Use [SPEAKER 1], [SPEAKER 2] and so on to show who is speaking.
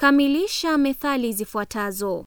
[SPEAKER 1] Kamilisha methali zifuatazo.